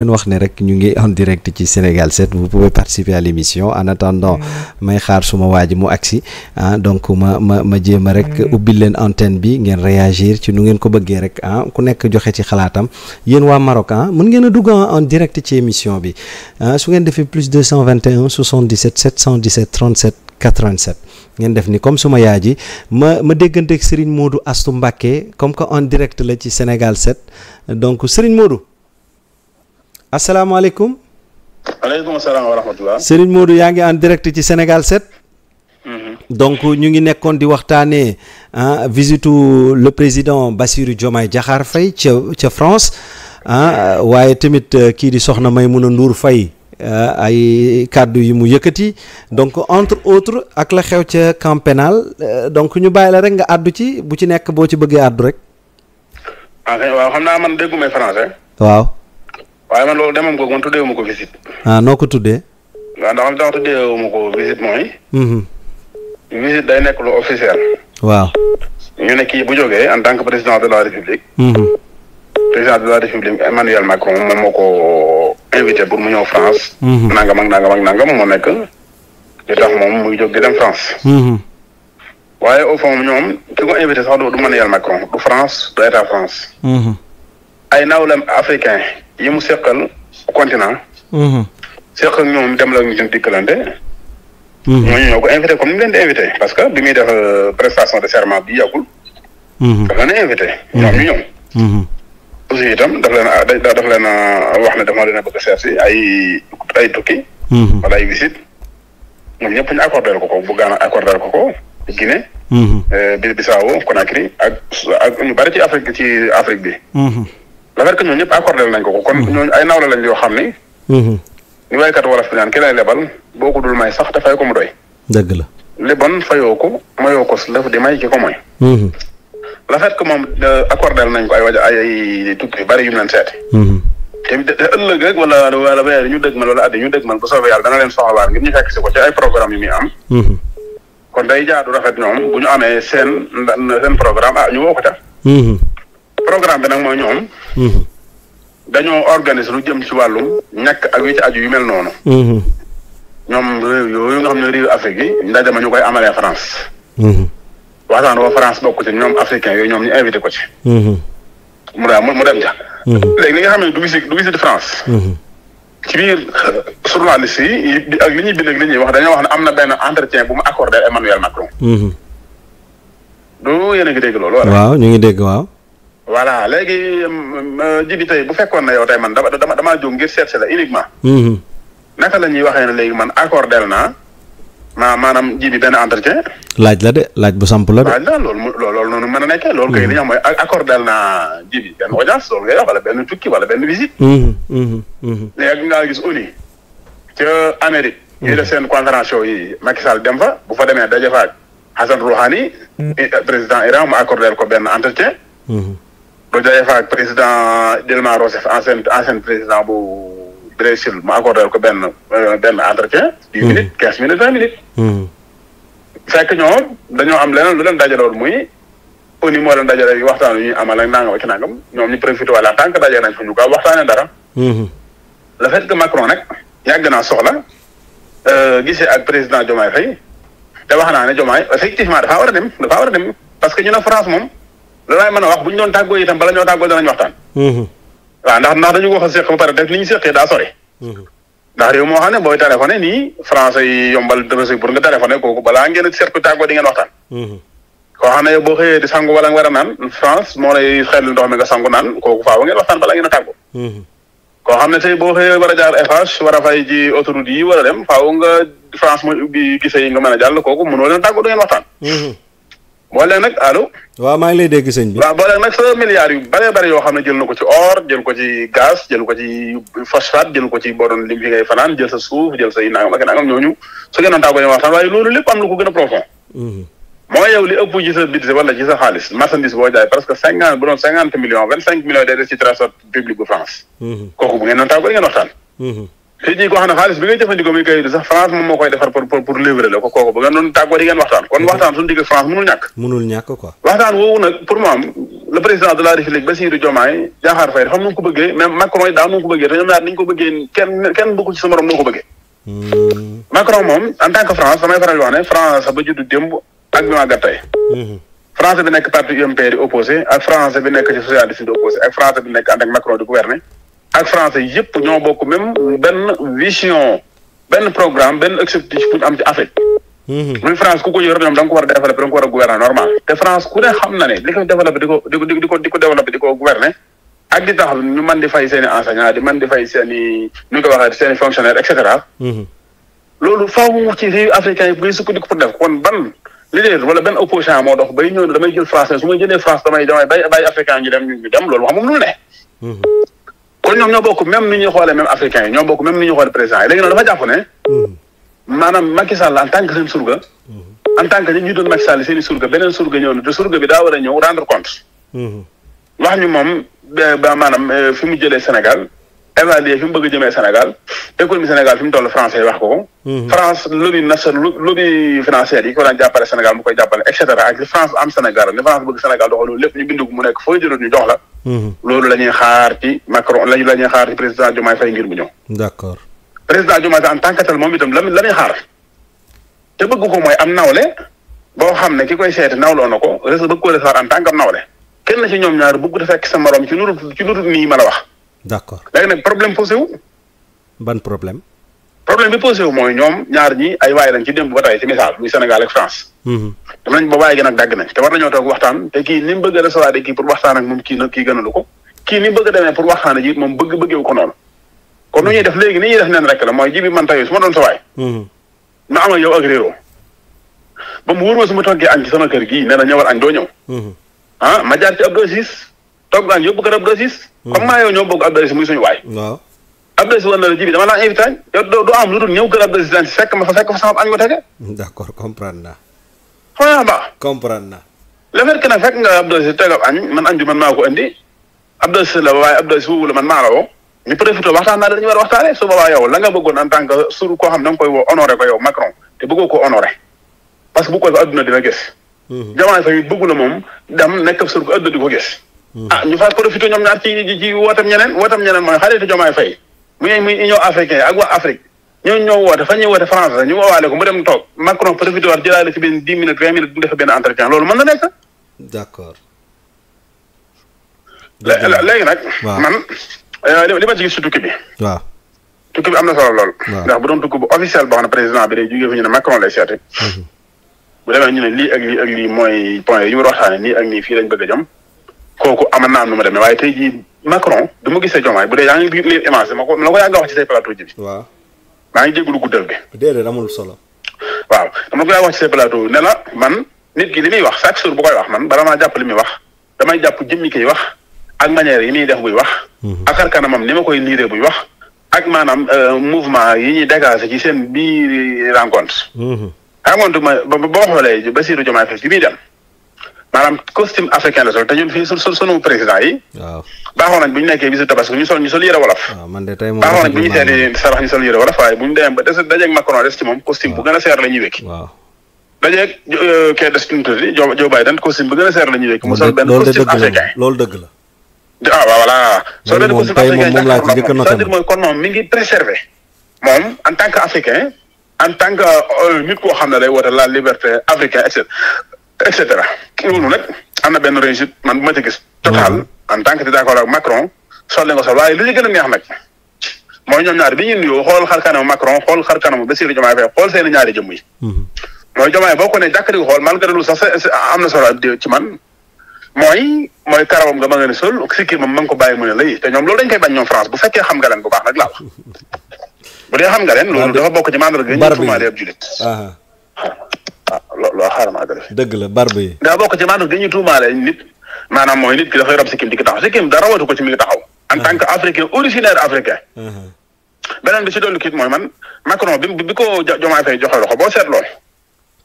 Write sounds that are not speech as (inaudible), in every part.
leen wax ne rek ñu ngi en direct ci Sénégal set vous pouvez participer à l'émission en attendant mm. may xaar suma waa ji mu agsi ah donc ma ma ma jéem a rek mm. ubbil leen antenne bi ngeen réagir ci nu ngeen ko bëggee rek ah ku nekk joxe ci xalaatam yéen waa Maroc ah mën ngeen a dugg ah, en direct ci émission bi ah, su ngeen defee plus 221 77 717 37 87 ngeen def ni comme suma yaay ji ma ma déggante ak Serigne moodu astu Mbacké comme que en direct la ci Sénégal 7 donc Serigne Modou asalaamaaleykum. aleykum salaam wa yaa ngi en direct ci Sénégal 7. Mhm. donc ñu ngi nekkoon di waxtaanee visitu le président Bassirou Diomaye Diakhar Faye ca ca France ah waaye tamit euh, kii di soxna may Maïmouna Ndour Faye euh, ay kàddu yi mu yëkkati donc entre autres ak la xew ca camp euh, donc ñu bàyyi la rek nga àddu ci bu ci nekk boo ci bëggee àddu rek. Ah, waaw xam naa man déggumay français. waaw. waaye man loolu demam googu man tuddee wu ma ko visite. ah noo ko tuddee. waaw ko visite mooy. Mhm. visite day nekk lu officiel. waaw. ñu ne kii bu jógee en tant que président de la république. Mhm. président de la république Emmanuel Macron moom moo ko invité pour mu ñëw France. Mhm. nangam ak nangam ak nangam moo nekk li moom muy jóg dem France. waaye au ñoom ki ko invité sax du Emmanuel Macron du France du état France. ay nawlem africain. yi mu seqal continent. Mhm. seqal ñoom dem la ñu jëm dikkalante. Mhm. ñooñu ñoo ko invité comme ni mu leen di invité parce que bi muy def euh, prestation de serment bi yàggul. Mhm. dafa leen a invité. ñoom ñu ñëw. aussi itam daf leen a daf leen a de ne dama leen a bëgg a seet si ay ay tukki. wala Guinée. Euh, Bissau Conakry ak ak ñu bari ci Afrique ci Afrique bi. le fait que ñooñu ñëpp accordé nañ ko ko. kon mm-hmm. ñooñu ay nawle lañ yoo xam ni. Mm-hmm. ni waykat wolof bi naan ki lay lebal boo ko dul may sax dafay ko mu doy. dëgg la lebon fayoo ko mayoo ko si lëf di may ki ko mooy. Mm-hmm. le fait que moom euh, accordé nañ ko ay waja ñu dëgmal wala bu soobee yàlla dana leen soxlawaat ngir ñu fekk si ko ci ay programme yu muy am. kon day jaadu rafet ñoom bu ñu amee seen programme ah ñu woo programme bi nag mooy ñoom. Mhm. dañoo organiser lu jëm ci wàllum ñàkk ak yu ci aju yu mel noonu. Mhm. ñoom réew yooyu nga xam ne réew Afrique yi ndaje ma ñu koy amalee France. Mhm. waxtaan woo France bokk ci ñoom africain yooyu ñoom ñu invité ko ci. mu daal mu dem ja. léegi li nga xam ne du visite du visite France. ci biir euh, journaliste yi ak li ñuy bind ak li ñuy wax dañoo wax ne am na benn entretien bu mu accordé Emmanuel Macron. du yéen a dégg loolu. waaw ñu ngi dégg waaw. voilà léegi euh, euh, jibi tey bu fekkoon na yow tey man dama dama damaa jóg ngir seet si la uniquement. Mhm. naka la ñuy waxee ne léegi man accordé naa ma maanaam jibi benn entretien. laaj la de laaj bu samp la de. laaj la loolu loolu noonu mën a nekkee. loolu kay li ñu mhm. wax mooy accordé naa jibi benn audience loolu ngay wax wala benn tukki wala benn visite. Mhm, léegi ngaa gis uni ca Amérique. ñuy def seen conférence yi Macky Sall dem fa bu fa demee daje fa ak Hassan Rouhani. Eh, président Iran mu accordé ko benn entretien. ba daje fa ak président Dilma Rousseff ancien ancien président bu Brésil mu accordé ko benn euh, benn entretien. dix hmm. minutes quinze minutes vingt minutes. Hmm. fekk ñoom dañoo am leneen lu leen dajaloon muy au niveau moo leen dajale waxtaan wi ñuy amal ak nangam ak nangam ñoom ñu profité wala tant que daje nañ fa ñu gaaw waxtaanee dara. Hmm. le fait que Macron nag yàgg naa soxla euh, gisee ak président Diomaye Faye te naa ne Diomaye effectivement dafa war a dem dafa war a dem parce que ñu lalaay mën a wax bu ñu doon tàggoo itam bala ñoo tàggoo danañ waxtaan mhm. waaw ndax dañu wax a séq ba pare def li ñu séqee daa sore mhm. ndax réew moo xam ne booy téléphoné nii français yi yombal débasi pour nga téléphoné kooku balaa ngeen seq tàggoo di ngeen waxtaan mhm. koo xam boo xëyee di sangu wala nga war a naan France moo lay xeetal ndox mi nga sangu naan kooku faaw ngeen waxtaan balaa ngeen a tàggoo koo xam ne tey boo xëyee war a jaar Eiffage war a fay ji autoroute yi war a dem faaw nga France mooy ubbi gise yi nga mën a jàll kooku mënoo leen tàggoo du ngeen waxtaan boole nag allo. waaw maa ngi lay dégg sëñ bi. waaw boole nag sa milliards yu bare bëri yoo xam ne jël na ko ci or jël ko ci gaz jël ko ci phosphate jël ko ci boo doon lim fi ngay fanaan jël sa suuf jël sa yi nangam ak nangam ñooñu su gënoon tàggoo ñu waxtaan waaye loolu lépp am lu ko gën a profond. Mhm. mooy yow li ëpp ci sa budget wala ci sa xaalis marchandise boo jaay parce que cinquante bu doon cinquante millions vingt cinq millions day des fii ji koo xam ne xaalis bi ngay jëfandikoo muy kayit sax France moom moo koy defar pour livrer la ko kooku ba nga doon tàggoo di waxtaan kon mm-hmm. waxtaan suñu digg France mënul ñàkk mënul ñàkk quoi waxtaan woowu nag pour moi le président de la République Bassirou Diomaye Diakhar Faye dafa nu ko ko bëggee Macron moom en tant que France damay faral di wax ne France ba juddu démb ak bi maa gàttay mm-hmm. France bi nekk parti UMP di opposé ak France bi nekk ci socialiste ak français yëpp ñoo bokk même benn vision benn programme benn objectif bu ñu am ci Afrique. Mhm. muy France ku ko yor ñoom da ko war a développé da nga ko war a gouverner normal te France ku ne xam na ne di ko di ko di ko di ko développé di ko gouverner ak di tax ñu mën di fay seen i di mën di fay seen i ñu ko waxee seen mhm. loolu faaw ci réew africain yi bu ngay sukkandiku pour def kon ban leader wala benn opposant moo dox bay ñëw damay jël France wala ñoom ñoo bokk même ni ñuy xoolee même africain yi ñoo bokk même ni ñuy xoolee président léegi nag dafa jàpp maanaam Macky Sall en tant que seen surga en tant ñu doon Macky Sall seen i surga beneen surga ñëw na te surga bi daa war a ñëw rendre compte wax ñu moom ba maanaam euh, fi mu jëlee Sénégal évaluer fi mu bëgg a jëmee Sénégal économie Sénégal fi mu toll français wax ko ko France lobby national lobby financière yi ko daan jàppale Sénégal mu koy jàppale et cetera ak li France am Sénégal li France bëgg Sénégal doxal lépp ñu mu nekk foo jëloon ñu jox la loolu la ñuy xaar ci Macron la ñuy xaar ci président Diomaye Faye ngir mu ñëw. d'accord président Diomaye Faye en tant que tel moom itam la la muy xaar te bëgg ko mooy am nawle boo xam ne ki koy seeti nawloo na ko res bëgg ko defar en tant que am nawle kenn ci ñoom ñaar bëgg fekk sa morom ci lu ci lu nii ma la wax. d'accord léegi nag problème posé wu. ban problème. problème bi posé wu mooy ñoom ñaar ñi ay waay lañ ci démb ba tey ci misaal muy Sénégal ak France. Mhm. dem nañ ba waaye gi na te war nañoo toog waxtaan te kii a recevoir kii pour waxtaan ak moom kii a demee pour waxtaan ji moom bëgg ñuy def léegi ni ñuy def neen rek la mooy ji bi man tey su ma doon sa waay ma mm-hmm. amal yow ak réeroo toggee añ sama kër gii nee na ñëwal añ doo ñëw mm-hmm. ah ma jaar ci Abdou Aziz togg añ yóbbu kër Abdou Aziz mm-hmm. comme maa yow ñoo bokk muy suñu waay waaw Abdou Aziz war la ji bi dama laa invité doo am lu dul ñëw kër Abdou fekk ma fa fekk fa sama añ ko tege d'accord comprendre point ba comprendre na le fait que nag fekk nga Abdou Aziz teg añ man añ bi man maa ko andi Abdou la waaye Abdou Aziz man maa la ñu préféré waxtaan naa dañu war a waxtaanee su boobaa yow la nga bëggoon en tant que sur xam da koy woo honoré ko yow Macron te bëggoo ko honoré parce que bu ko def dina gis mhm. jamono sax bëggu na moom dem nekk sur ko adduna di gis mhm. ah ñu faa profité ñoom ñaar ci ci wootam ñeneen wootam ñeneen mooy ñooñu ñoo woote fa ñuy woote France la ñu woowaale ko mu dem toog Macron profité war jëlaale ci benn dix minutes vingt minutes bu defee benn entretien loolu mën na nekk. d'accord. léegi nag. man euh, li ma ci gis si tukki bi. waaw tukki bi am na solo bu doon tukki bu officiel boo xam président bi day jugee ñu ne Macron lay seeti. Mhm. bu demee ne lii ak lii ak lii mooy point yu ñu war a waxtaanee nii ak fii lañ bëgg a jëm kooku am na am nu ma demee waaye tey jii Macron bi mu gisee jomaay bu dee yaa ngi lire a wax ci say plateau ji. maa ngi jégalu guddal bi. na amul solo. waaw dama koy wax ci plateau ne la man nit ki li muy wax chaque jour bu koy wax man bala maa jàpp li muy wax damay jàpp jëmmi kiy wax ak manière yi muy def buy wax. Mhm. ak xar kanamam ma koy liiree buy wax. ak maanaam euh, mouvement yi ñuy dégager ci seen biir rencontre. Mhm. rencontre ma ba ba xoolee Bassirou Diomaye Faye bi muy dem. maanaam costume africain la sol te ñun fii su sunu président yi. waaw baaxoon nañ bu ñu nekkee bisu tabaski ñu ñu sol yëre wolof. waaw man de tey moom baaxoon nañ bu ñu seetee sarax ñu sol yëre wolof waaye bu ñu demee Macron des ci moom costume bu gën a seer la ñuy waaw dajeeg euh, kee des tuuti tuuti Joe Joe Biden costume bu gën a seer la ñuy wékki. sol benn costume ah, africain moom laa ci njëkk a mooy kon moom mi ngi préservé moom en tant que euh, et cetera loolu nag am na benn réussite man bu ma ci gis. total en tant que di d'accord ak Macron sol nañ ko sol waaye li ñu gën a neex nag mooy ñoom ñaari bi ñu nuyoo xool xar Macron xool xar kanamu Bassirou Diomaye Faye xool seen ñaari jëmm hmm. mooy Diomaye boo ko nee jàkk di ko xool malgré lu sax am na solo ci man mooy mooy karawam nga ma nga ne sol sikki moom ma nga ko bàyyi mu ne lay te ñoom loolu dañ koy bañ ñoom France bu fekkee xam nga leen (laughs) bokk ci mandarga gi xaaral ma agale dëgg la barbe yi. daa bokk ci maanaam dañuy tuumaale nit maanaam mooy nit ki dafay rab sikkim di taxaw sikkim da rawatu ko ci mi ngi taxaw. en tant que uh-huh. africain originaire africain. Uh-huh. beneen bi ci dolli kit mooy man Macron bi ko Diomaye Faye joxe loxo boo seet lool.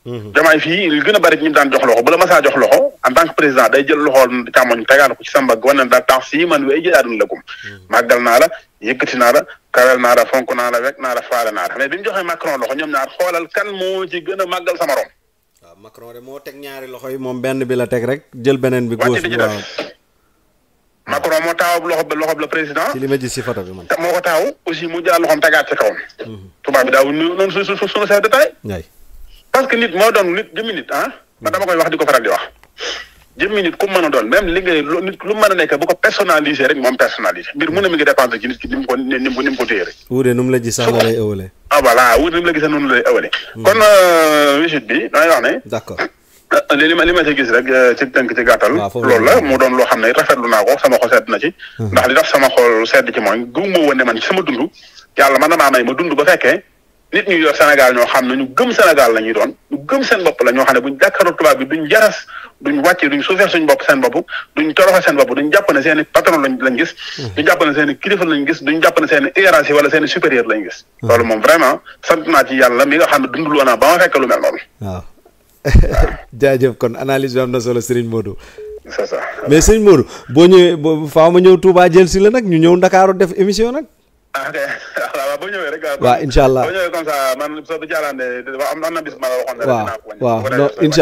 Uh-huh. Diomaye fii li a bari ñu daan jox loxo bu la masaa jox loxo en tant que président day jël loxool càmmoñ tegaat ko ci samba wane na daal tax si man wey jëlaat la gum. màggal naa naa la kawel a Macron de moo teg ñaari loxo yi moom benn bi la teg rek jël beneen bi. góos bi waaw Macron moo taawab loxo ba loxo bi la président. ci li ma gis si photo bi man. te moo ko taaw aussi mu jëlaat loxoom tegaat ci kawam. Mhm. tubaab bi daaw noonu su su suñu chef de taille. parce que nit moo doon nit jëmmi nit ah. man mhm. dama koy wax di ko faral di wax. jëmmi nit ku mën a doon même li ngay nit lu mën a nekk bu ko personnalisé rek moom personnalisé mbir mu ne mi ngi dépendre ci nit ki ni mu ko ni ko téye rek. wuute nu la gis sax lay ëwalee. ah voilà wuute la gis noonu lay ëwalee. Hmm. kon euh, visite bi da ngay wax ne. d'accord. Euh, li ma li ma ci gis rek euh, ci tënk ci gàttal loolu la mu doon loo xam ne rafetlu naa ko sama xol sedd na ci hmm. ndax li tax sama xol sedd ci mooy gumba woon ne man ci sama dund yàlla man damaa may ma dund ba fekkee nit ñu yor Sénégal ñoo xam ne ñu gëm Sénégal la ñuy doon ñu gëm seen bopp la xam ne buñ jàkkaarloo tubaab bi duñ jaras duñ wàcce duñ suufeel suñ bopp seen bopp duñ toroxa seen bopp duñ jàpp ne seen i patron gis hmm. duñ jàpp ne seen i kilifa lañ gis duñ jàpp ne seen supérieur lañ gis hmm. loolu moom vraiment sant naa ci yàlla mi nga xam ne dundul woon naa ba ma fekk lu mel noonu waaw (laughs) jaajëf kon analyse bi boo ñëwee faaw ma ñëw Touba jël si la nag ñu ñëw Ndakaaru def émission nag ah ok (laughs) waaw rek. waaw incha allah boo man soo am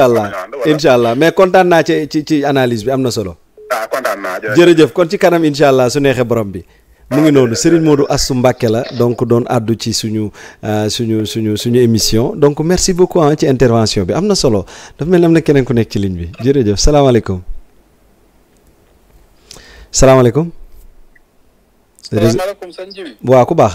allah incha allah mais kontaan naa ci ci ci analyse bi am na solo. Ah, kontaan naa jërëjëf kon ci kanam incha allah su neexee borom bi. mu ngi ah, noonu Serigne Modou Astou Mbacké la donc doon àddu ci suñu euh, suñu suñu suñu émission donc merci beaucoup ah ci intervention bi am na solo dafa mel ni na keneen ku nekk ci ligne bi jërëjëf salaamaaleykum salaamaaleykum. salaamaaleykum sëñ Jibi waaw ku baax.